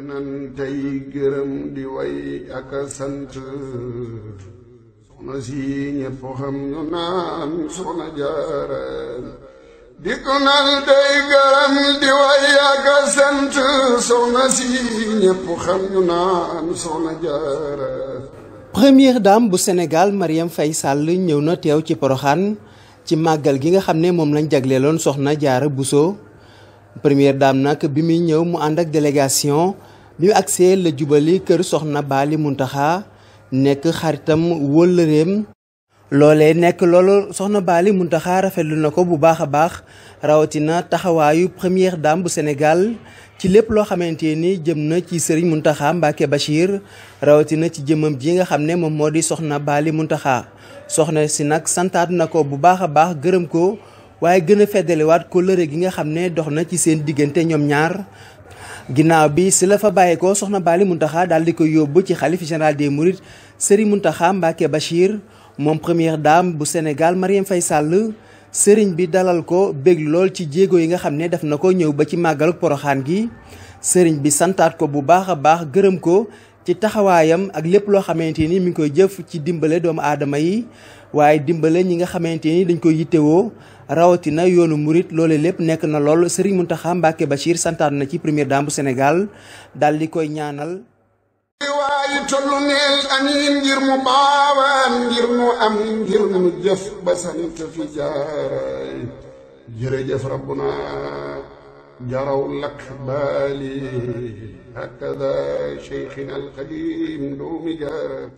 nan tey gërëm di première dame bu Sénégal mariam Faye sàll ñëw na teew ci Porokhane ci màggal gi nga xam ne moom lañ jagleeloon soxna jaara Bousso première dame nag bi muy ñëw mu ànd ak délégation bi mu agsee la jubali kër soxna Baali Muntaxa nekk xaritam wëllëreem loole nekk loolu soxna Baali Muntaxa rafetlu na ko bu baax a baax rawatina taxawaayu première dame bu Sénégal ci lépp loo xamante ni jëm na ci sëriñ Muntaxa Mbacke Bachir rawatina ci jëmmam ji nga xam ne moom moo di soxna Baali Muntaxa soxna si nag santaat na ko bu baax a baax gërëm ko waaye gën a feddaliwaat kóllëre gi nga xam ne dox na ci seen diggante ñoom ñaar ginnaaw bi si la fa bàyyeekoo soxna Baali Muntaxa daal di ko yóbbu ci xalif général des Mourides Serigne Muntaxa Mbacke Bachir moom première daam bu Sénégal Marième fay sàll sëriñ bi dalal ko bég lool ci jéego yi nga xam ne def na ko ñëw ba ci màggalu poroxaan gi sëriñ bi santaat ko bu baax a baax gërëm ko ci taxawaayam ak lépp loo xamante ni mi ngi koy jëf ci dimbale doomu aadama yi waaye dimbale ñi nga xamante ni dañ koy yittewoo rawatina yoonu murit loole lépp nekk na lool Serigne Mountakha Mbacké Bachir santaan na ci premier dambu bu Sénégal daal di koy ñaanal. waaye tollu neel amiin ngir mu baawaan ngir mu am ngir mu jëf ba sant fi jaaraay jërëjëf rabbuna جروا الأكبال هكذا شيخنا القديم لو مجاد